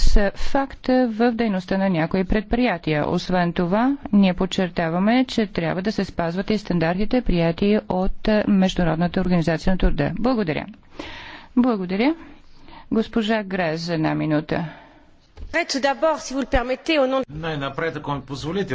са факт в дейността на някои предприятия. Освен това, ние подчертаваме, че трябва да се спазват и стандартите, прияти от Международната организация на труда. Благодаря. Благодаря. Госпожа Грез за една минута. Най-напред, ако ми позволите,